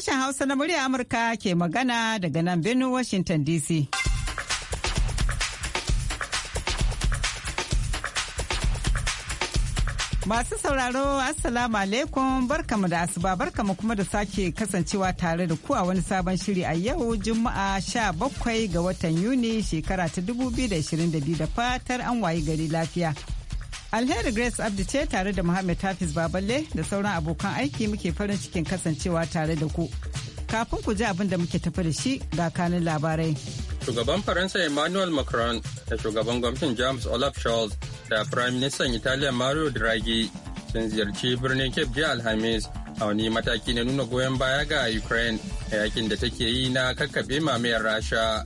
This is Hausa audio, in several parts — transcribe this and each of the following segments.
Sashen Hausa na murya Amurka ke magana daga nan birnin Washington DC. Masu sauraro, Assalamu alaikum barkamu da asuba barkamu kuma da sake kasancewa tare da ku a wani sabon shiri a yau Juma'a sha bakwai ga watan Yuni shekara ta 2022 da fatar an wayi gari lafiya. Alheri Grace Abdi ce tare da Muhammad Hafiz Baballe da sauran abokan aiki muke farin cikin kasancewa tare da ku. Kafin ku ji abin da muke tafi da shi ga kanin labarai. Shugaban Faransa Emmanuel Macron da shugaban gwamnatin James Olaf Scholz da Prime Minister Italiya Mario Draghi sun ziyarci birnin Cape jiya Alhamis a wani mataki na nuna goyon baya ga Ukraine a yakin da take yi na kakkaɓe mamayar Rasha.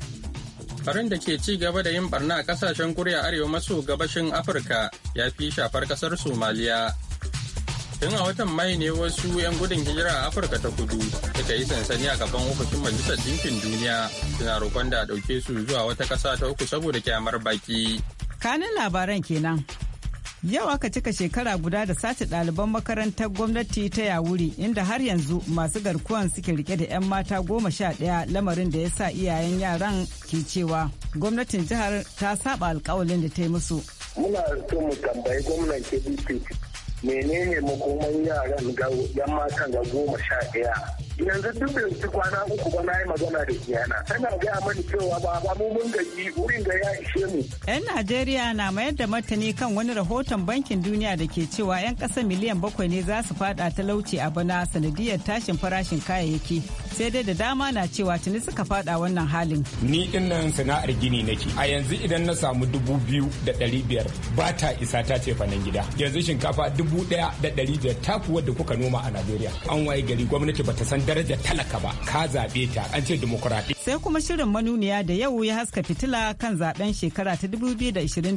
Farin da ke ci gaba da yin barna a kasashen kuriya arewa maso gabashin Afirka ya fi shafar kasar Somaliya. Tun a watan Mai ne wasu 'yan gudun hijira a Afirka ta kudu suka yi sansani a gaban ofishin Majalisar Dinkin Duniya suna roƙon da a ɗauke su zuwa wata ƙasa ta uku saboda kyamar baki. Kanin labaran kenan. Yau aka cika shekara guda da sace ɗaliban makarantar gwamnati ta Yawuri inda har yanzu masu garkuwan suke rike da 'yan mata goma sha ɗaya lamarin da ya sa iyayen yaran ke cewa gwamnatin jihar ta saba alkawalin da ta yi musu. Muna so mu tambayi gwamnan KDP menene makoman yaran ga 'yan matan ga goma sha ɗaya yanzu duk da su kwana uku ba na yi magana da iyana tana gaya mani cewa ba ba mu mun gaji wurin da ya ishe mu. yan najeriya na mayar da martani kan wani rahoton bankin duniya da ke cewa yan ƙasa miliyan bakwai ne za su fada talauci a bana sanadiyar tashin farashin kayayyaki sai dai da dama na cewa tuni suka fada wannan halin. ni din nan sana'ar gini nake a yanzu idan na samu dubu biyu da ɗari biyar ba ta isa ta ce fanan gida yanzu shinkafa dubu ɗaya da ɗari biyar ta kuwa da kuka noma a najeriya an waye gari gwamnati bata san dogara da talaka ba ka zaɓe ta an ce demokuraɗi sai kuma shirin manuniya da yau ya haska fitila kan zaben shekara ta 2023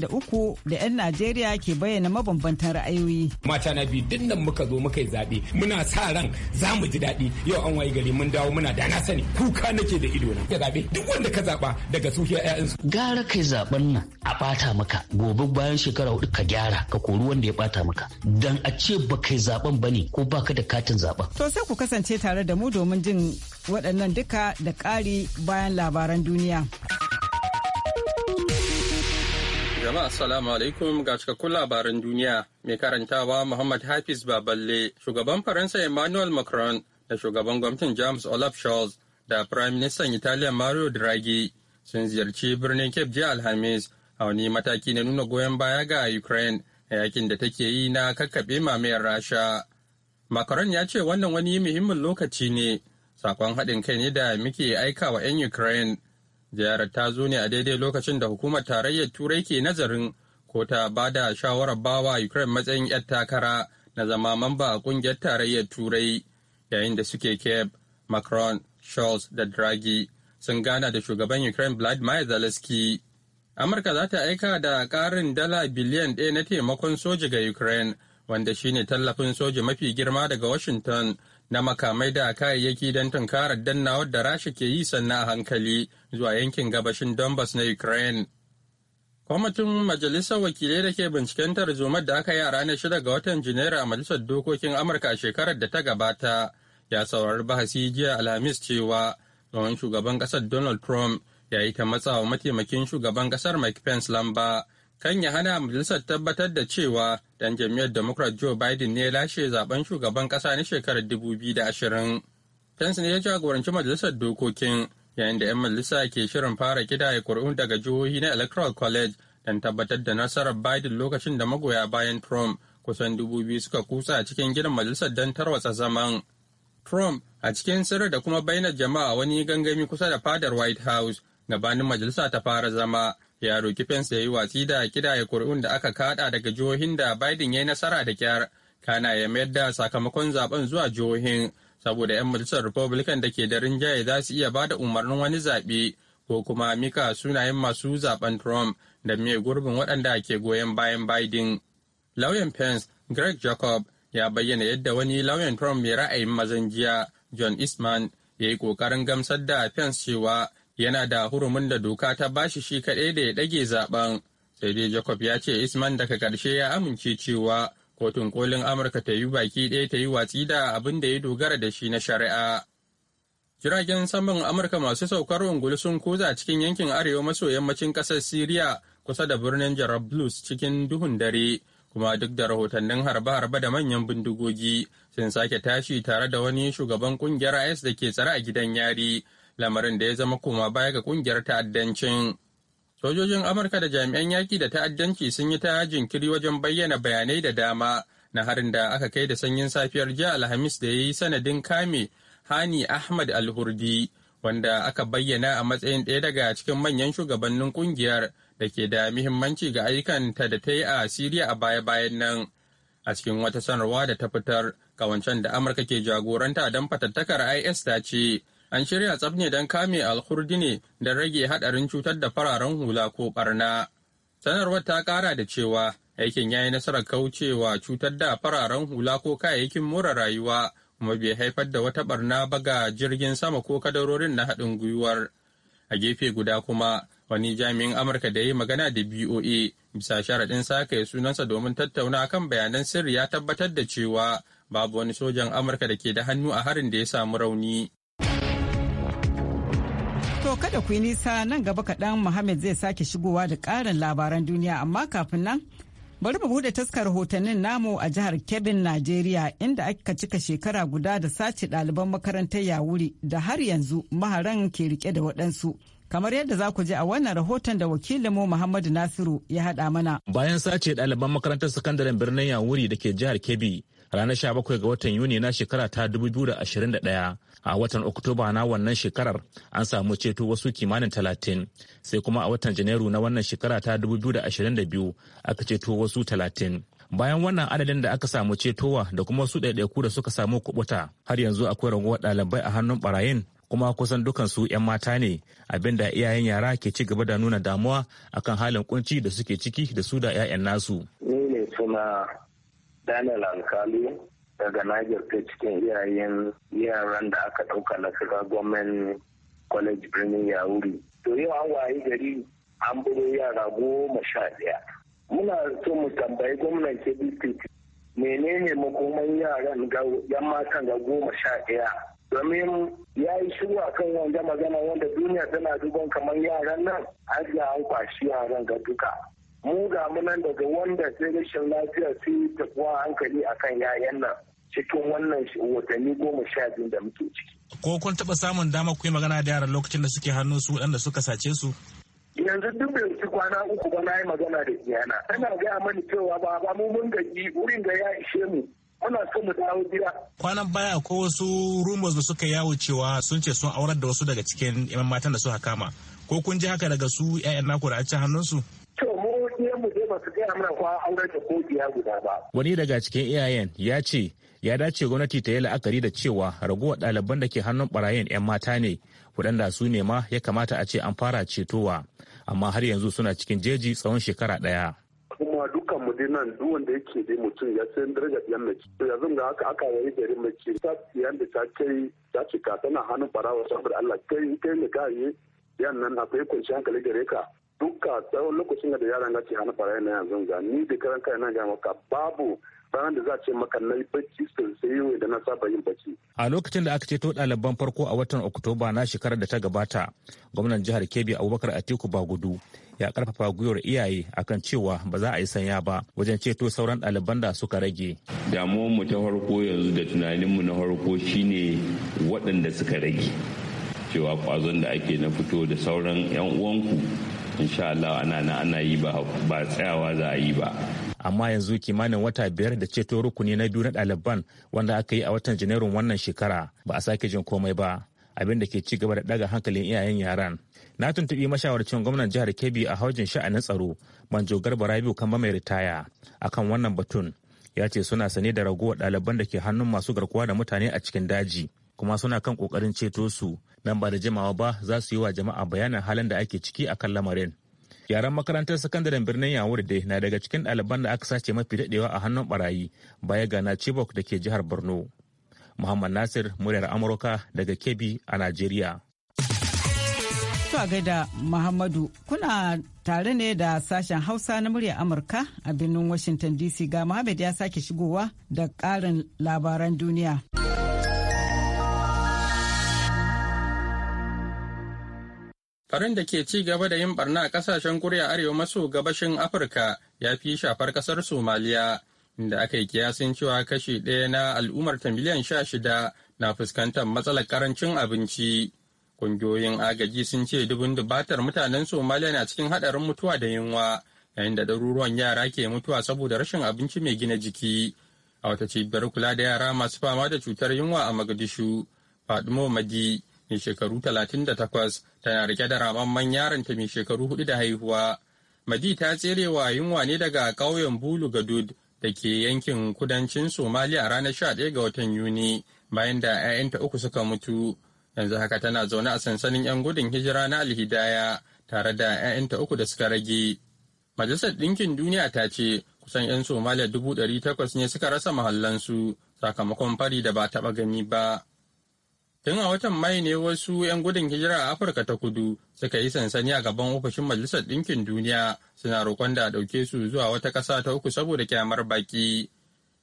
da 'yan Najeriya ke bayyana mabambantan ra'ayoyi. Mata na biyu dinnan muka zo muka yi zaɓe muna sa ran za mu ji daɗi yau an waye gari mun dawo muna da na sani kuka nake da ido na. ya zaɓe duk wanda ka zaɓa daga sufiya ya'yansu. Gara kai zaɓen nan a ɓata maka gobe bayan shekara hudu ka gyara ka kori wanda ya ɓata maka dan a ce ba kai zaɓen ba ne ko ba ka da katin zaɓen. To sai ku kasance tare da mu domin jin waɗannan duka da ƙari bayan labaran duniya. Jama'a Assalamu alaikum ga cikakkun labaran duniya mai karantawa Muhammad Hafiz Baballe, shugaban Faransa Emmanuel Macron da shugaban gwamnatin James Olaf Scholz da Prime Minister Italiya Mario Draghi sun ziyarci birnin Cape jiya Alhamis a wani mataki na nuna goyon baya ga Ukraine a yakin da take yi na kakkaɓe mamayar Rasha. Macron ya ce wannan wani muhimmin lokaci ne Sakon haɗin kai ne da muke aika wa 'yan Ukraine. Ziyarar ta zo ne a daidai lokacin da hukumar tarayyar Turai ke nazarin ko ta ba da shawarar bawa Ukraine matsayin 'yar takara na zama mamba a ƙungiyar tarayyar Turai yayin da suke Kiev, Macron, Scholz da Draghi sun gana da shugaban Ukraine Vladimir Zelensky. Amurka za ta aika da ƙarin dala biliyan ɗaya na taimakon soji ga Ukraine, wanda shine tallafin soji mafi girma daga Washington na makamai da kayayyaki don tunkarar dannawar da rasha ke yi sannan a hankali zuwa yankin gabashin donbas na ukraine kwamitin majalisar wakilai da ke binciken tarzoma da aka yi a ranar shida ga watan janairu a majalisar dokokin amurka a shekarar da ta gabata ya saurari bahasi jiya alhamis cewa tsohon shugaban kasar donald trump ya yi ta matsawa mataimakin shugaban kasar mike pence lamba kan ya hana majalisar tabbatar da cewa dan jam'iyyar democrat joe biden ne lashe zaben shugaban kasa na shekarar 2020 pence ne ya jagoranci majalisar dokokin yayin da 'yan majalisa ke shirin fara kidaya kuri'un daga jihohi na electoral college don tabbatar da nasarar biden lokacin da magoya bayan trump kusan dubu biyu suka kusa cikin gidan majalisar don tarwatsa zaman trump a cikin sirri da kuma bainar jama'a wani gangami kusa da fadar white house gabanin majalisa ta fara zama ya roki Pence ya yi watsi da kidaya kuri'un da aka kada daga jihohin da Biden ya yi nasara da kyar. Kana ya mayar da sakamakon zaben zuwa jihohin saboda 'yan majalisar Republican da ke da rinjaye za su iya bada umarnin wani zaɓe ko kuma mika sunayen masu zaben Trump da mai gurbin waɗanda ke goyon bayan Biden. Lauyan Pence, Greg Jacob, ya bayyana yadda wani lauyan Trump mai ra'ayin mazan jiya John Eastman, ya yi kokarin gamsar da Pence cewa yana da hurumin da doka ta bashi shi kaɗai da ya ɗage zaben sai dai jacob ya ce isman daga ƙarshe ya amince cewa kotun kolin amurka ta yi baki ɗaya ta yi watsi da abin da ya dogara da shi na shari'a jiragen saman amurka masu saukar ungulu sun koza cikin yankin arewa maso yammacin ƙasar siriya kusa da birnin jarablus cikin duhun dare kuma duk da rahotannin harbe-harbe da manyan bindigogi sun sake tashi tare da wani shugaban kungiyar is da ke tsare a gidan yari lamarin da ya zama koma baya ga kungiyar ta'addancin. Sojojin Amurka da jami'an yaƙi da ta'addanci sun yi ta jinkiri wajen bayyana bayanai da dama na harin da aka kai da sanyin safiyar jiya Alhamis da ya yi sanadin kame Hani Ahmad Alhurdi wanda aka bayyana a matsayin ɗaya daga cikin manyan shugabannin kungiyar da ke da muhimmanci ga ayyukan ta da ta yi a Siriya a baya-bayan nan. A cikin wata sanarwa da ta fitar, kawancen da Amurka ke jagoranta don fatattakar IS ta ce an shirya tsab ne don kame alhurdi ne da rage hadarin cutar da fararen hula ko barna. Sanarwar ta kara da cewa aikin ya yi nasarar kaucewa cutar da fararen hula ko kayayyakin more rayuwa kuma bai haifar da wata barna ba ga jirgin sama ko kadarorin na haɗin gwiwar. A gefe guda kuma wani jami'in Amurka da ya yi magana da BOA bisa sharaɗin sake sunansa domin tattauna kan bayanan sirri ya tabbatar da cewa babu wani sojan Amurka da ke da hannu a harin da ya samu rauni. kada ku yi nisa nan gaba kaɗan Muhammad zai sake shigowa da ƙarin labaran duniya amma kafin nan bari mu buɗe taskar rahotannin namu a jihar Kebbin Najeriya inda aka cika shekara guda da sace ɗaliban makarantar Yawuri da har yanzu maharan ke rike da waɗansu. kamar yadda za ku je a wannan rahoton da wakilinmu Muhammadu Nasiru ya haɗa mana. Bayan sace ɗaliban makarantar sakandaren birnin Yawuri da ke jihar Kebbi, ranar 17 ga watan yuni na shekara ta 2021 a watan oktoba na wannan shekarar an samu ceto wasu kimanin 30 sai kuma a watan janairu na wannan shekara ta 2022 aka ceto wasu 30 bayan wannan adadin da aka samu cetowa da kuma wasu ɗaiɗaiku da suka samu kubuta har yanzu akwai raguwar ɗalibai a hannun barayin kuma kusan dukansu 'yan mata ne abin da iyayen yara ke ci gaba da nuna damuwa akan halin kunci da suke ciki da su da 'ya'yan nasu. Ni ne suna Daniel Alkali daga Niger ta cikin iyayen yaran da aka ɗauka na shiga gwamnan college birnin Yawuri. To yau an waye gari an buro yara goma sha ɗaya. Muna so mu tambayi gwamnan KBC menene makoman yaran ga yan matan ga goma sha ɗaya. Domin ya yi shiru a kan wanda magana wanda duniya tana dubon kamar yaran nan an an kwashi yaran ga duka. mu ga munan daga wanda sai rashin lafiya sai tabuwa hankali a kan yayan nan cikin wannan watanni goma sha biyu da muke ciki. Ko kun taɓa samun dama ku yi magana da yaran lokacin da suke hannu su waɗanda suka sace su? Yanzu duk da yanzu kwana uku ba na yi magana da iyana. ana gaya mani cewa ba ba mu mun gaji wurin da ya ishe mu. Muna so mu dawo gida. Kwanan baya ko wasu rumors da suka yawo cewa sun ce sun aurar da wasu daga cikin 'yan matan da suka kama. Ko kun ji haka daga su 'ya'yan naku da a hannunsu? To mu ba su gaya mana kwa auren da ko biya guda ba. Wani daga cikin iyayen ya ce ya dace gwamnati ta yi la'akari da cewa raguwar ɗaliban da ke hannun barayin 'yan mata ne waɗanda su ne ma ya kamata a ce an fara cetowa amma har yanzu suna cikin jeji tsawon shekara ɗaya. kuma dukkan mu dai nan duk wanda yake dai mutum ya san darajar yan mace to yanzu ga haka aka wani garin mace ta da ta kai ta cika tana hannun barawa saboda Allah kai kai ne kai yan nan akwai kunci hankali gare ka duka tsawon lokacin da yaran ga ke hana fara na yanzu ga ni da karan kai na ga maka babu ranar da za a ce maka na bacci sosai yau da na saba yin bacci. A lokacin da aka ceto ɗaliban farko a watan Oktoba na shekarar da ta gabata, gwamnan jihar Kebbi Abubakar Atiku Bagudu ya karfafa gwiwar iyaye akan cewa ba za a yi sanya ba wajen ceto sauran ɗaliban da suka rage. mu ta farko yanzu da tunaninmu na farko shine waɗanda suka rage. Cewa kwazon da ake na fito da sauran 'yan uwanku insha Allah ana yi ba ba tsayawa za a yi ba amma yanzu kimanin wata biyar da ceto rukuni na biyu na ɗaliban wanda aka yi a watan janairun wannan shekara ba a sake jin komai ba abin da ke ci gaba da daga hankalin iyayen yaran na tuntubi mashawarcin gwamnan jihar kebbi a haujin sha'anin tsaro manjo garba rabiu kamba mai ritaya akan wannan batun ya ce suna sane da ragowar ɗaliban da ke hannun masu garkuwa da mutane a cikin daji kuma suna kan ƙoƙarin ceto su nan ba da jimawa ba za su yi wa jama'a bayanin halin da ake ciki akan lamarin yaran makarantar sakandaren birnin yawurde na daga cikin ɗaliban da aka sace mafi daɗewa a hannun barayi baya ga na chibok da ke jihar borno muhammad nasir muryar amurka daga kebbi a najeriya a gaida Muhammadu kuna tare ne da sashen Hausa na murya Amurka a birnin Washington DC ga Muhammad ya sake shigowa da ƙarin labaran duniya. Farin da ke ci gaba da yin barna a kasashen kuriya arewa maso gabashin Afirka ya fi shafar kasar Somaliya, inda aka yi kiyasin cewa kashi ɗaya na al'ummar ta miliyan sha shida na fuskantar matsalar karancin abinci. ƙungiyoyin agaji sun ce dubun dubatar mutanen Somaliya na cikin haɗarin mutuwa da yunwa, yayin da ɗaruruwan yara ke mutuwa saboda rashin abinci mai gina jiki. A wata cibiyar kula da yara masu fama da cutar yunwa a Magadishu, Fadumo Madi mai shekaru talatin da takwas tana rike da ramamman yaronta mai shekaru hudu da haihuwa. Madi ta tserewa yunwa ne daga ƙauyen Bulu Gadud da ke yankin kudancin Somalia a ranar ɗaya ga watan Yuni bayan da 'ya'yanta uku suka mutu. Yanzu haka tana zaune a sansanin 'yan gudun hijira na Alhidaya tare da 'ya'yanta uku da suka rage. Majalisar Ɗinkin Duniya ta ce kusan 'yan Somalia dubu ɗari takwas ne suka rasa mahallansu sakamakon fari da ba taɓa gani ba. Tun a watan Mai ne wasu 'yan gudun hijira a Afirka ta kudu suka yi sansani a gaban ofishin Majalisar Ɗinkin Duniya suna roƙon da a ɗauke su zuwa wata ƙasa ta uku saboda kyamar baƙi.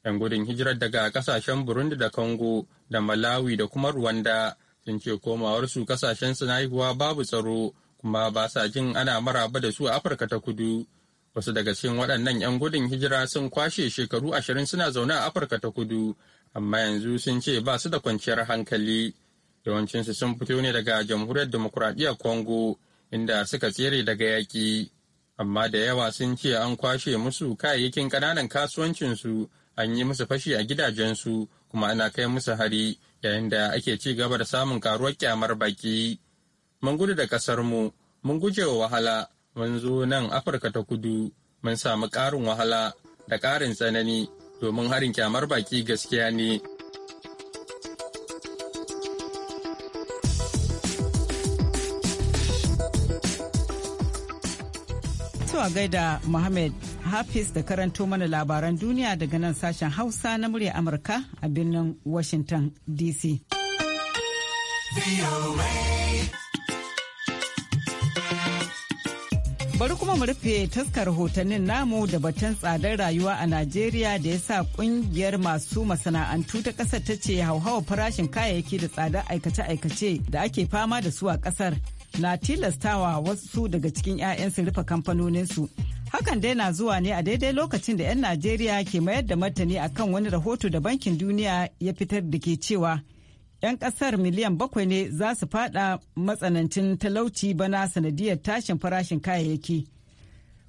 'Yan gudun hijirar daga ƙasashen Burundi da Congo da Malawi da kuma Rwanda sun ce komawar su ƙasashen suna haihuwa babu tsaro kuma ba sa jin ana maraba da su a Afirka ta kudu. Wasu daga cikin waɗannan 'yan gudun hijira sun kwashe shekaru ashirin suna zaune a Afirka ta kudu, amma yanzu sun ce ba su da kwanciyar hankali. yawancinsu sun fito ne daga jamhuriyar demokuraɗiyya congo inda suka tsere daga yaƙi amma da yawa sun ce an kwashe musu kayayyakin ƙananan kasuwancinsu an yi musu fashi a gidajensu kuma ana kai musu hari yayin da ake ci gaba da samun karuwar kyamar baki mun gudu da ƙasarmu mun guje wa wahala mun zo nan afirka ta kudu mun samu ƙarin wahala da ƙarin tsanani domin harin kyamar baki gaskiya ne so a gaida Mohammed Hafiz da karanto mana labaran duniya daga nan sashen Hausa na murya Amurka a birnin Washington DC. Bari kuma mu rufe taskar rahotannin namu da batun tsadar rayuwa a Najeriya da ya sa kungiyar masu masana'antu ta kasar ta ce hauhawar farashin kayayyaki da tsadar aikace-aikace da ake fama da su a kasar. na tilastawa wasu daga cikin 'ya'yansu rufe kamfanoninsu. Hakan dai na zuwa ne a daidai lokacin da 'yan Najeriya ke mayar da martani akan wani rahoto da Bankin Duniya ya fitar da ke cewa 'yan kasar miliyan bakwai ne za su fada matsanancin talauci bana sanadiyar tashin farashin kayayyaki.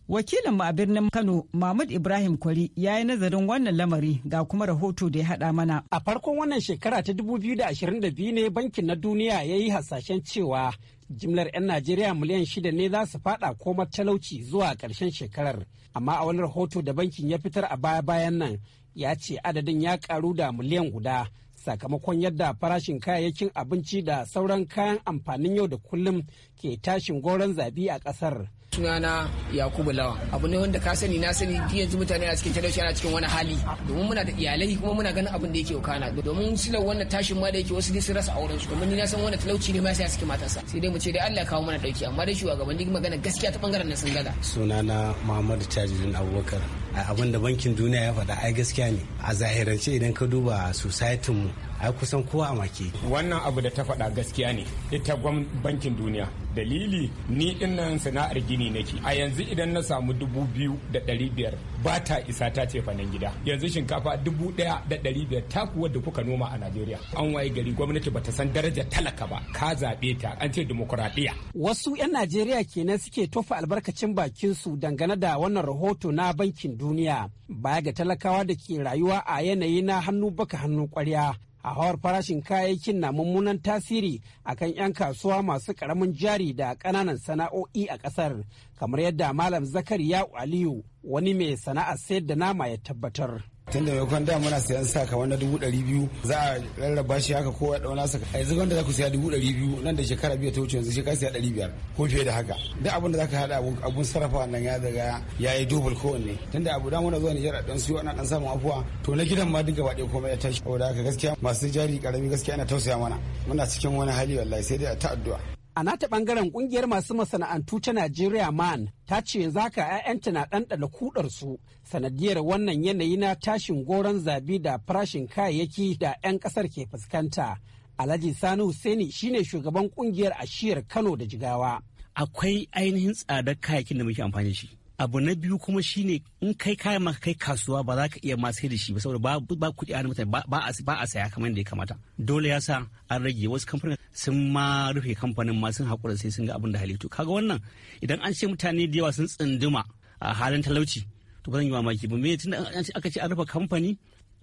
Wakilinmu a birnin Kano, Mahmud Ibrahim Kwari, ya yi nazarin wannan lamari ga kuma rahoto da ya haɗa mana. A farkon wannan shekara ta 2022 ne Bankin na Duniya ya yi hasashen cewa jimlar 'yan najeriya miliyan shida ne za su fada komar talauci zuwa ƙarshen shekarar amma a wani rahoto da bankin ya fitar a baya-bayan nan ya ce adadin ya karu da miliyan guda sakamakon yadda farashin kayayyakin abinci da sauran kayan amfanin yau da kullum ke tashin goron zabi a ƙasar. sunana yakubu lawa abu ne wanda ka sani na sani duk yanzu mutane a cikin talauci ana cikin wani hali domin muna da iyalai kuma muna ganin abin da yake kana domin silar wannan tashin ma da yake wasu sun rasa auren su domin ni na san wannan talauci ne ma sai a cikin matarsa sai dai mu ce dai Allah kawo mana dauki amma dai shugabanni magana gaskiya ta bangaren nan sun gaga sunana Muhammadu Tajirin Abubakar abin da bankin duniya ya faɗa ai gaskiya ne a zahirance idan ka duba societin mu ai kusan kowa a make wannan abu da ta faɗa gaskiya ne ita gwam bankin duniya dalili ni dinnan sana'ar gini nake a yanzu idan na samu dubu biyu da ɗari biyar ba ta isa ta ce fanan gida yanzu shinkafa dubu ɗaya da ɗari biyar ta kuwa da kuka noma a najeriya an waye gari gwamnati bata san darajar talaka ba ka zaɓe ta an ce dimokuraɗiyya wasu 'yan najeriya kenan suke tofa albarkacin bakinsu dangane da wannan rahoto na bankin duniya baya ga talakawa da ke rayuwa a yanayi na hannu baka hannu kwarya hawar farashin kayayyakin na mummunan tasiri akan 'yan kasuwa masu karamin jari da kananan sana'o'i a kasar kamar yadda malam ya aliyu wani mai sana'a sayar da nama ya tabbatar tun da maimakon da muna sayan sa kamar na dubu ɗari biyu za a rarraba shi haka kowa ɗau nasa a yanzu wanda za ku saya dubu ɗari biyu nan da shekara biyu ta wuce yanzu shekara saya ɗari biyar ko fiye da haka duk abin da za ka haɗa abun sarrafa wannan ya daga ya yi dubul kowanne tun da abu da muna zuwa nijar a ɗan siyo ana ɗan samun afuwa to na gidan ma duka baɗe komai ya tashi saboda haka gaskiya masu jari ƙarami gaskiya ana tausaya mana muna cikin wani hali wallahi sai dai a ta addu'a. A nata bangaren kungiyar masu masana'antu ta Najeriya man ta ce yanzu haka 'ya'yanta na ɗanɗana kudarsu sanadiyar wannan yanayi na tashin goron zabi da farashin kayayyaki da 'yan ƙasar ke fuskanta. Alhaji Sani Hussaini shine shugaban kungiyar ashiyar Kano da Jigawa. Akwai ainihin tsadar kayayyakin da muke amfani shi. abu na biyu kuma shine in kai kayan maka kai kasuwa ba za ka iya ma sai da shi ba saboda ba kuɗi a mutane ba a saya kamar da ya kamata dole ya sa an rage wasu kamfanin sun ma rufe kamfanin ma sun haƙura sai sun ga abin da halittu kaga wannan idan an ce mutane da yawa sun tsunduma a halin talauci to ba zan yi mamaki ba me tun aka ce an rufe kamfani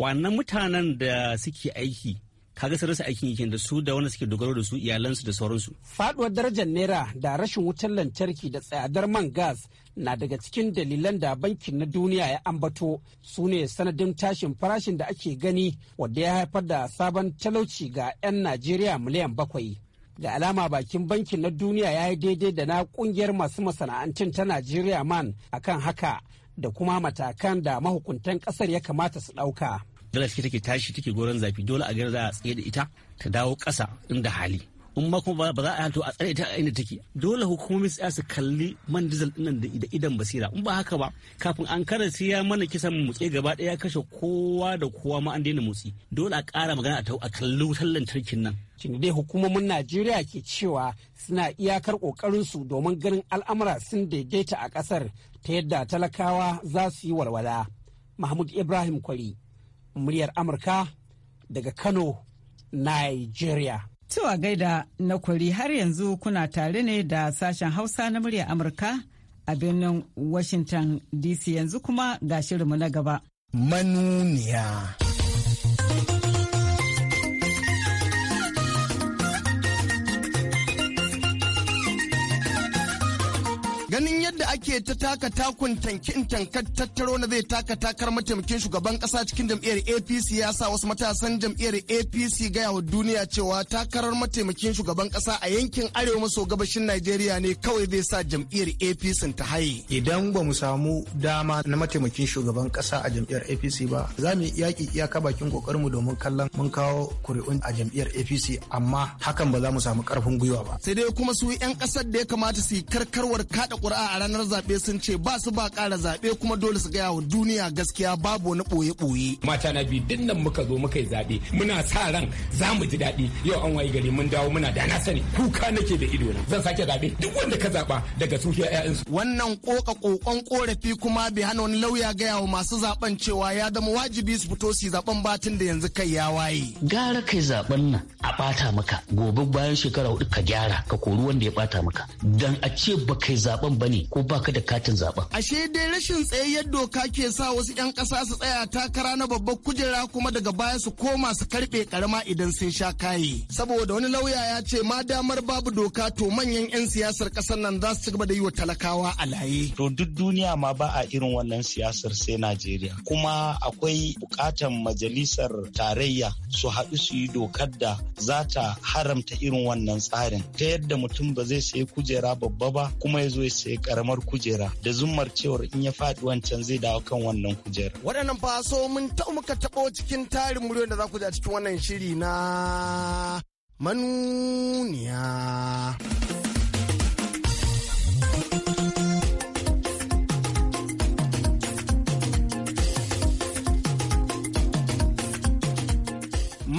wannan mutanen da suke aiki ka sun rasa aikin yi da su da wanda suke dogaro da su iyalansu da sauransu. Faduwar darajar naira da rashin wutar lantarki da tsadar man gas na daga cikin dalilan da bankin na duniya ya ambato su ne sanadin tashin farashin da ake gani wadda ya haifar da sabon talauci ga 'yan Najeriya miliyan bakwai. Ga alama bakin bankin na duniya ya yi daidai da na kungiyar masu masana'antun ta Najeriya man akan haka da kuma matakan da mahukuntan kasar ya kamata su ɗauka. dala ce take tashi take goron zafi dole a gani za a tsaye da ita ta dawo ƙasa inda hali in ma kuma ba za a to a tsare ta inda take dole hukumomi su su kalli man dizal dinnan da idan basira in ba haka ba kafin an kara sai ya mana kisan mutse gaba daya kashe kowa da kowa ma an daina motsi dole a kara magana a kalli wutar lantarkin nan shin dai hukumomin najeriya ke cewa suna iyakar kokarin su domin ganin al'amura sun daidaita a kasar ta yadda talakawa za su yi walwala mahmud ibrahim kwari muryar Amurka daga Kano, Nigeria. To a gaida na kwari har yanzu kuna tare ne da sashen Hausa na muryar Amurka a birnin Washington DC yanzu kuma ga shirinmu na gaba. Manuniya. ake ta taka takun tankin tankar tattaro na zai taka takar mataimakin shugaban kasa cikin jam'iyyar apc ya sa wasu matasan jam'iyyar apc gaya wa duniya cewa takarar mataimakin shugaban kasa a yankin arewa maso gabashin najeriya ne kawai zai sa jam'iyyar apc ta haye idan ba mu samu dama na mataimakin shugaban kasa a jam'iyyar apc ba za mu yaki iyaka bakin kokarinmu domin kallon mun kawo kuri'un a jam'iyyar apc amma hakan ba za mu samu karfin gwiwa ba sai dai kuma su 'yan kasar da ya kamata su yi karkarwar kaɗa ƙuri'a a ranar kakar zaɓe sun ce ba su ba ƙara zaɓe kuma dole su gaya wa duniya gaskiya babu wani ɓoye-ɓoye. Mata na biyu duk nan muka zo muka yi zaɓe muna sa ran za mu ji daɗi yau an wayi gari mun dawo muna da na sani kuka nake da ido na zan sake zaɓe duk wanda ka zaɓa daga sufiya 'ya'yansu. Wannan koka kokon korafi kuma bai hana wani lauya gaya wa masu zaɓen cewa ya zama wajibi su fito su zaɓen batin da yanzu kai ya waye. Gara kai zaɓen nan a ɓata maka gobe bayan shekara hudu ka gyara ka kori wanda ya ɓata maka dan a ce ba kai zaɓen ba ne ko baka da katin zaba. Ashe dai rashin tsayayyar doka ke sa wasu 'yan ƙasa su tsaya takara na babbar kujera kuma daga baya su koma su karɓe ƙarama idan sun sha kayi Saboda wani lauya ya ce ma damar babu doka to manyan 'yan siyasar ƙasar nan za su ci da yi wa talakawa a laye. To duk duniya ma ba a irin wannan siyasar sai Najeriya. Kuma akwai buƙatan majalisar tarayya su haɗu su yi dokar da za ta haramta irin wannan tsarin ta yadda mutum ba zai sayi kujera babba ba kuma ya zo ya sayi ƙaramar kujera da zummar cewar in ya faɗi wancan zai dawo kan wannan kujera. Waɗannan faso mun taɓa muka taɓo cikin tarin muryoyin da za ku ji a cikin wannan shiri na manuniya.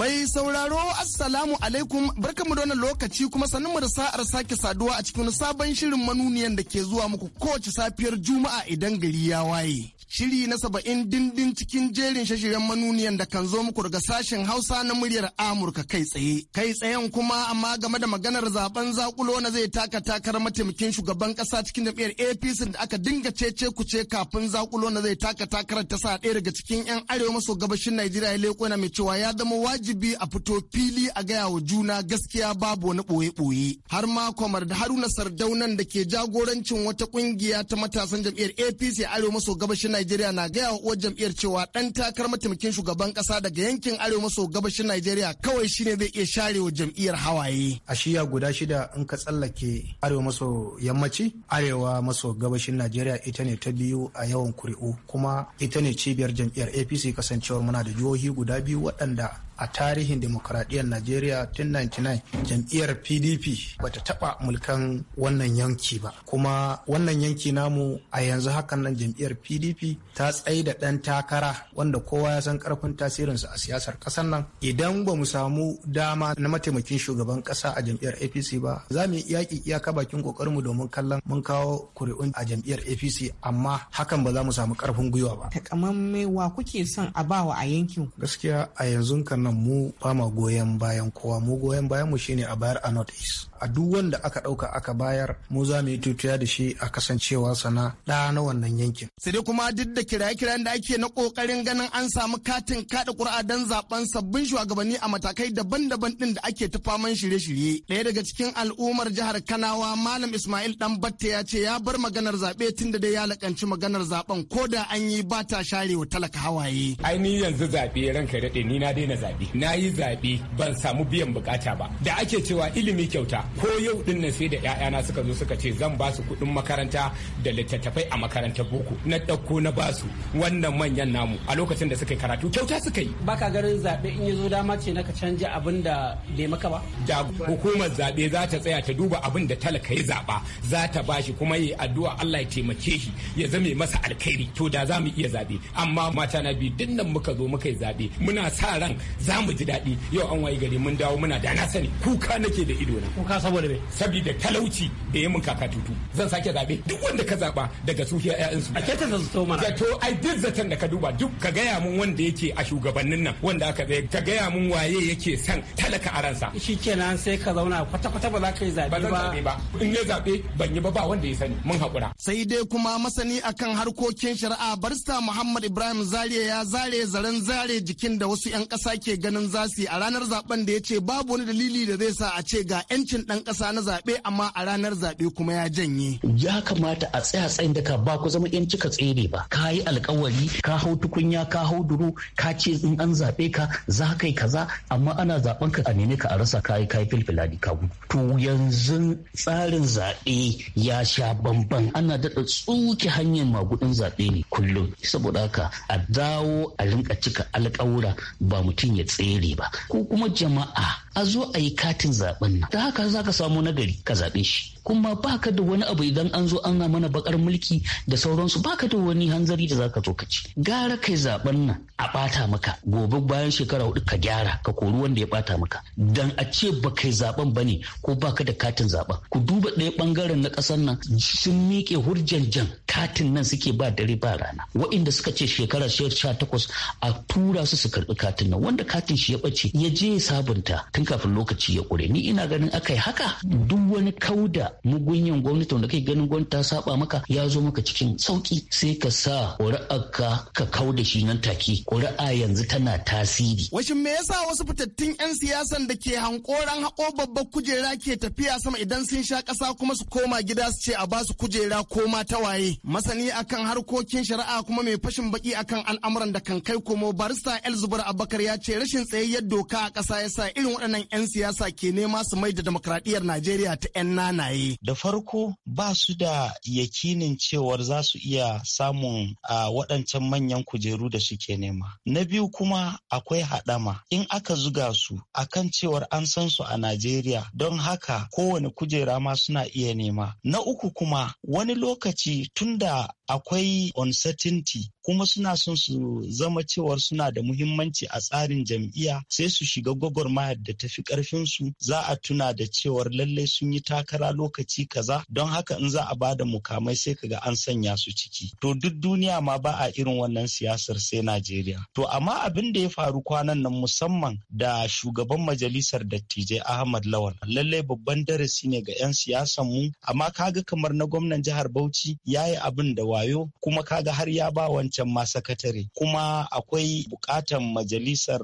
Mai sauraro Assalamu alaikum barkamu da wannan lokaci kuma sanin mu da sa'ar sake saduwa a cikin sabon shirin manuniyan da ke zuwa muku kowace safiyar Juma'a idan gari ya waye. shiri na saba'in dindin cikin jerin shashiren manuniyan da kan zo muku daga sashen hausa na muryar amurka kai tsaye kai tsayen kuma amma game da maganar zaben zakulo na zai taka takar mataimakin shugaban kasa cikin jami'ar apc da aka dinga cece kuce kafin zakulo na zai taka takarar ta sa ɗaya daga cikin yan arewa maso gabashin najeriya leko na mai cewa ya zama wajibi a fito fili a gaya wa juna gaskiya babu wani ɓoye-ɓoye har ma kwamar da haruna sardaunan da ke jagorancin wata ƙungiya ta matasan jam'iyyar apc arewa maso gabashin Najeriya na gaya wa uwar jam'iyyar cewa ɗan takar mataimakin shugaban kasa daga yankin arewa maso gabashin Najeriya kawai shine zai iya sharewa jam'iyar jam'iyyar hawaye. A shiya guda shida in ka tsallake arewa maso yammaci, arewa maso gabashin Najeriya ita ne ta biyu a yawan kuri'u kuma ita ne cibiyar jam'iyyar APC kasancewar muna da jihohi guda biyu waɗanda a tarihin demokuraɗiyyar najeriya tun 99 jam'iyyar pdp bata taɓa mulkan wannan yanki ba kuma wannan yanki namu a yanzu hakan nan jam'iyyar pdp ta tsaye da ɗan takara wanda kowa ya san karfin tasirinsa a siyasar ƙasar nan idan ba mu samu dama na mataimakin shugaban ƙasa a jam'iyyar apc ba za mu yi yaƙi iyaka bakin ƙoƙarinmu domin kallon mun kawo kuri'un a jam'iyyar apc amma hakan ba za mu samu ƙarfin gwiwa ba. takamamme wa kuke son a bawa a yankin gaskiya a yanzu kan nan mu ba ma goyon bayan kowa mu goyon bayan mu shine a bayar a notice a duk wanda aka ɗauka aka bayar mu za mu yi tutuya da shi a kasancewa sana ɗa na wannan yankin. Sai dai kuma duk da kiraye-kirayen da ake na ƙoƙarin ganin an samu katin kaɗa ƙuri'a don zaɓen sabbin shugabanni a matakai daban-daban ɗin da ake ta faman shirye-shirye. Ɗaya daga cikin al'ummar jihar Kanawa Malam Ismail Dan Batta ya ce ya bar maganar zaɓe tun da dai ya laƙanci maganar zaɓen ko da an yi ba ta share talaka hawaye. Ai ni yanzu zaɓe ranka daɗe ni na daina zaɓe. Na yi zaɓe ban samu biyan bukata ba. Da ake cewa ilimi kyauta ko yau din nan sai da 'ya'yana suka zo suka ce zan ba su kuɗin makaranta da littattafai a makarantar boko na ɗauko na ba su wannan manyan namu a lokacin da suka yi karatu kyauta suka yi baka garin zaɓe in ya zo dama ce na ka canja abin da bai maka ba da hukumar zaɓe za ta tsaya ta duba abin da talaka ya zaɓa za ta ba shi kuma yi addu'a Allah ya taimake shi ya zame masa alkhairi to da za mu iya zaɓe amma mata na biyu nan muka zo muka yi zaɓe muna sa ran za mu ji daɗi yau an wayi gari mun dawo muna da na sani kuka nake da ido na saboda me saboda talauci da yi min kaka tutu zan sake zabe duk wanda ka zaba daga su ya ƴaƴan su a keta zan so mana zato ai duk zaton da ka duba duk ka gaya mun wanda yake a shugabannin nan wanda aka zai ka gaya mun waye yake son talaka a ransa kenan sai ka zauna kwata kwata ba za ka yi zabe ba zan zabe ba in ya zabe ban yi ba ba wanda ya sani mun hakura sai dai kuma masani akan harkokin shari'a barista Muhammad Ibrahim Zariya ya zare zaren zare jikin da wasu 'yan ƙasa ke ganin zasu yi a ranar zaben da ya ce babu wani dalili da zai sa a ce ga 'yancin dan kasa na zaɓe amma a ranar zaɓe kuma ya janye. Ya kamata a tsaya tsayin da ka ba ku zama yan cika tsere ba. Ka yi alkawari ka hau tukunya ka hau duro ka ce in an zaɓe ka za ka yi kaza amma ana zaɓen ka a nemi ka a rasa ka kayi kayi filfiladi ka gudu. To yanzu tsarin zaɓe ya sha bamban ana daɗa tsuke hanyar magudin zaɓe ne kullum saboda haka a dawo a rinka cika alƙawura ba mutum ya tsere ba ko kuma jama'a a zo a yi katin zaɓen nan. Da haka za ka samu nagari ka zaɓe shi kuma baka da wani abu idan an zo an mana bakar mulki da sauransu baka da wani hanzari da zaka zo ka ci gara kai zaben nan a bata maka gobe bayan shekara hudu ka gyara ka kori wanda ya bata maka dan a ce ba kai zaben bane ko baka da katin zaben ku duba ɗaya bangaren na ƙasar nan sun miƙe hurjan jan katin nan suke ba dare ba rana wa'inda suka ce shekara sha takwas a tura su su karɓi katin nan wanda katin shi ya ɓace ya je sabunta tun kafin lokaci ya ƙure ni ina ganin akai haka duk wani kauda mu mugunyan gwamnati wanda kai ganin gwamnati ta saba maka ya zo maka cikin sauki sai ka sa ƙuri'arka ka kau da shi nan take ƙuri'a yanzu tana tasiri. Washin me yasa wasu fitattun 'yan siyasan da ke hankoran haƙo babbar kujera ke tafiya sama idan sun sha ƙasa kuma su koma gida su ce a ba su kujera ko ma waye? Masani akan harkokin shari'a kuma mai fashin baki akan al'amuran da kan kai komo barista Elzubar Abakar ya ce rashin tsayayyar doka a ƙasa ya sa irin waɗannan 'yan siyasa ke nema su mai da demokradiyyar Najeriya ta 'yan nanaye. bangarori da farko ba su da yakinin cewar za su iya samun a waɗancan manyan kujeru da suke nema na biyu kuma akwai haɗama in aka zuga su a kan cewar an san su a najeriya don haka kowane kujera ma suna iya nema na uku kuma wani lokaci tunda akwai uncertainty kuma suna son su zama cewar suna da muhimmanci a tsarin jam'iyya sai su shiga gwagwarmayar da ta fi su za a tuna da cewar lallai sun yi takara lokaci kaza don haka in za a ba da mukamai sai kaga an sanya su ciki to duk duniya ma ba a irin wannan siyasar sai Najeriya to amma abin da ya faru kwanan nan musamman da shugaban majalisar dattijai Ahmad Lawal lallai babban darasi ne ga 'yan siyasan mu amma kaga kamar na gwamnan jihar Bauchi yayi abin da wa wayo kuma kaga har ya ba wancan ma sakatare kuma akwai bukatan majalisar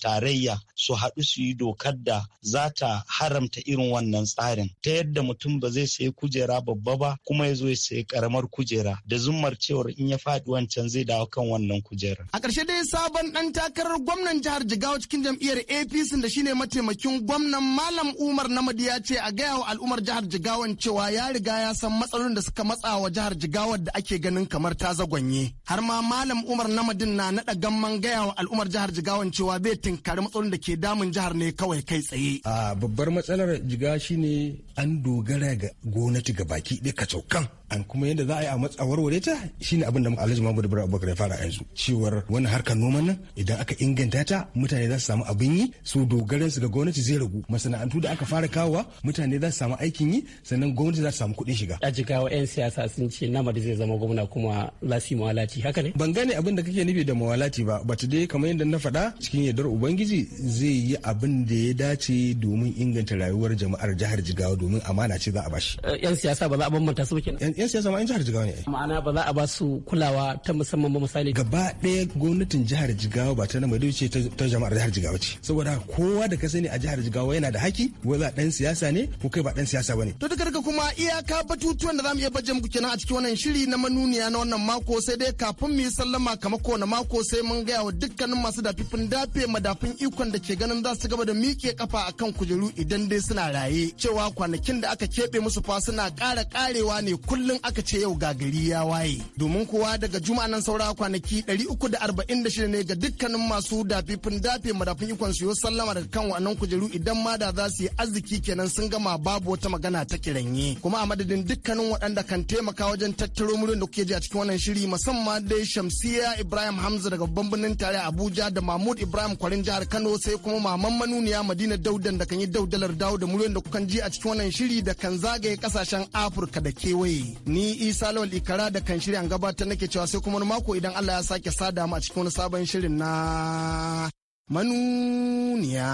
tarayya su haɗu su yi dokar da za ta haramta irin wannan tsarin ta yadda mutum ba zai sayi kujera babba ba kuma ya zo ya sayi karamar kujera da zummar cewar in ya faɗi wancan zai dawo kan wannan kujera. A ƙarshe dai sabon ɗan takarar gwamnan jihar Jigawa cikin jam'iyyar APC da shine mataimakin gwamnan Malam Umar Namadi ya ce a gaya wa al'ummar jihar Jigawan cewa ya riga ya san matsalolin da suka matsa wa jihar Jigawa da ake ake ganin kamar ta zagwanye har ma malam umar na namadin na naɗa gamman gaya wa al'ummar jihar jigawan cewa bai tinkari matsalolin da ke damun jihar ne kawai kai tsaye a babbar matsalar jiga shine an dogara ga gwamnati ga baki ɗaya kacaukan an kuma yadda za a yi a matsa warware ta shine abin da alhaji mahmud ibrahim abubakar ya fara yanzu cewar wani harkar noman nan idan aka inganta ta mutane za su samu abin yi su dogaran su ga gwamnati zai ragu masana'antu da aka fara kawowa mutane za su samu aikin yi sannan gwamnati za su samu kuɗin shiga a jigawa yan siyasa sun ce namadi zai zama gwamna kuma Lasi Mawalati mawalaci haka ne ban gane abin da kake nufi da mawalaci ba bata dai kamar yadda na faɗa cikin yardar ubangiji zai yi abin da ya dace domin inganta rayuwar jama'ar jihar jigawa domin amana ce za a bashi. Eh, yan siyasa ba za a bambanta su ba kenan. Yan siyasa ma yan jihar Jigawa ne. Ma'ana ba za a ba su kulawa ta musamman ba misali. Gaba ɗaya gwamnatin jihar Jigawa ba ta na Maiduguri ce ta jama'ar jihar Jigawa ce. Saboda kowa da ka sani a jihar Jigawa yana da haki ko za ɗan siyasa ne ko kai ba ɗan siyasa ba ne. To duka duka kuma iyaka batutuwan da za mu iya baje muku kenan a cikin wannan shiri na manuniya na wannan mako sai dai kafin mu yi sallama kamar na mako sai mun gaya wa dukkanin masu dafifin dafe madafin ikon da ke ganin za su gaba da miƙe kafa akan kujeru idan dai suna raye cewa kwana kwanakin da aka keɓe musu fa suna ƙara ƙarewa ne kullum aka ce yau ga gari ya waye domin kuwa daga juma'a nan saura kwanaki 346 ne ga dukkanin masu dafifin dafe madafin ikon su yi sallama daga kan wannan kujeru idan ma da za su yi arziki kenan sun gama babu wata magana ta kiranye kuma a madadin dukkanin waɗanda kan taimaka wajen tattaro murin da kuke ji a cikin wannan shiri musamman dai shamsiya ibrahim hamza daga babban birnin tare abuja da mahmud ibrahim kwarin jihar kano sai kuma maman manuniya madina daudan da kan yi daudalar dawo da murin da kukan ji a cikin wannan wannan shiri da kan zagaye kasashen Afirka da kewaye. Ni Isa Lawal Ikara da kan shiri shirya gabatar nake cewa sai kuma mako idan Allah ya sake sada mu a cikin wani sabon shirin na manuniya.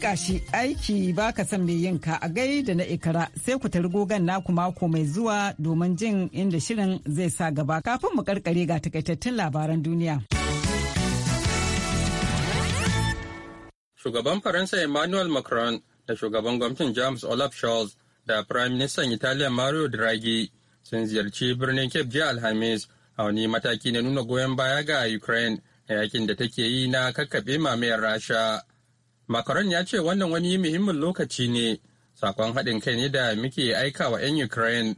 Kashi aiki aiki baka son mai ka a gai da na ikara sai ku tari gogan naku mako mai zuwa domin jin inda shirin zai sa gaba kafin mu karkare ga takaitattun labaran duniya. Shugaban Faransa Emmanuel Macron da shugaban gwamnatin James Olaf Scholz da Prime Minister Italiya Mario Draghi sun ziyarci birnin Cape jiya Alhamis a wani mataki na nuna goyon baya ga Ukraine a yakin da take yi na kakkaɓe mamayar Rasha. Macron ya ce wannan wani muhimmin lokaci ne, sakon haɗin kai ne da muke aika wa 'yan Ukraine.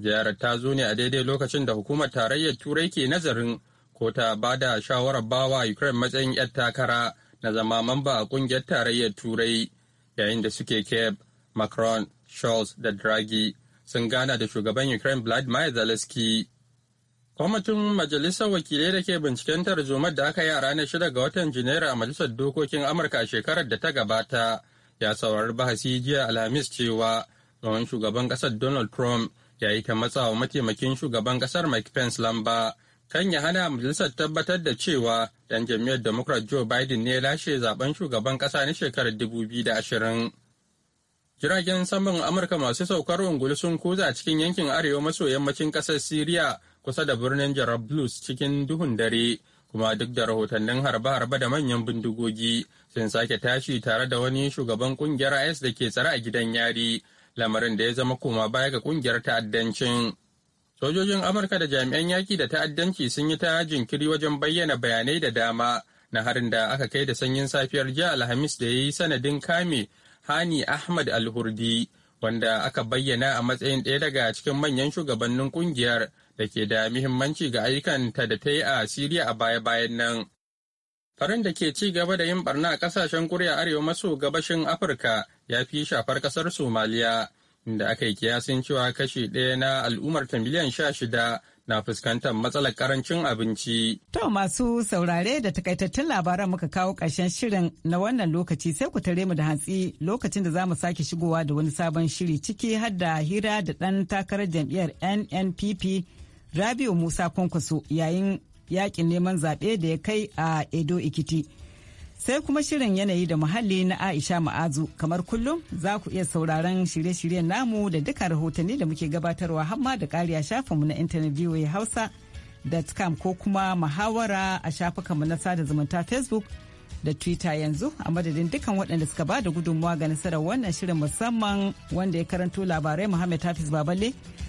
Ziyarar ta zo ne a daidai lokacin da hukumar tarayyar Turai ke nazarin ko ta ba da shawarar bawa Ukraine matsayin 'yar takara na zama mamba a kungiyar tarayyar turai yayin da suke Keb, macron charles da draghi sun gana da shugaban ukraine vladimir zelensky kwamitin majalisar wakilai da ke binciken tarzomar da aka yi a ranar shida ga watan janairu a majalisar dokokin amurka shekarar da ta gabata ya saurari bahasi jiya alhamis cewa tsohon shugaban kasar donald trump ya yi ta matsawa mataimakin shugaban kasar mike pence lamba kan ya hana majalisar tabbatar da cewa dan jam'iyyar democrat joe biden ne lashe zaben shugaban kasa na shekarar 2020 jiragen saman amurka masu saukar ungulu sun kuza cikin yankin arewa maso yammacin kasar syria kusa da birnin jarablus cikin duhun dare kuma duk da rahotannin harbe-harbe da manyan bindigogi sun sake tashi tare da wani shugaban kungiyar is da ke tsare a gidan yari lamarin da ya zama koma baya ga kungiyar ta'addancin Sojojin Amurka da jami'an yaki da ta'addanci sun yi ta jinkiri wajen bayyana bayanai da dama na harin da aka kai da sanyin safiyar jiya Alhamis da ya yi sanadin kame Hani Ahmad Alhurdi wanda aka bayyana a matsayin ɗaya daga cikin manyan shugabannin kungiyar da ke da muhimmanci ga ayyukanta da ta yi a Siriya a baya-bayan nan. Farin da ke ci gaba da yin barna a kasashen Kuriya Arewa maso gabashin Afirka ya fi shafar kasar Somaliya inda aka yi kiyasin cewa kashi ɗaya na al'ummar ta miliyan sha shida na fuskantar matsalar karancin abinci. To masu saurare da takaitattun labaran muka kawo ƙarshen shirin na wannan lokaci sai ku tare mu da hantsi lokacin da za mu sake shigowa da wani sabon shiri ciki har da hira da ɗan takarar jam'iyyar NNPP Rabiu Musa Kwankwaso yayin yakin neman zaɓe da ya kai a Edo Ikiti. sai kuma shirin yanayi da muhalli na aisha ma'azu kamar kullum za ku iya sauraron shirye-shiryen namu da duka rahotanni da muke gabatarwa hamma da kariya shafinmu na intanet voa com ko kuma muhawara a shafukanmu na sada zumunta facebook da twitter yanzu a madadin dukkan waɗanda suka ba da gudunmawa ga nasarar wannan shirin musamman wanda ya karanto labarai muhammad hafiz baballe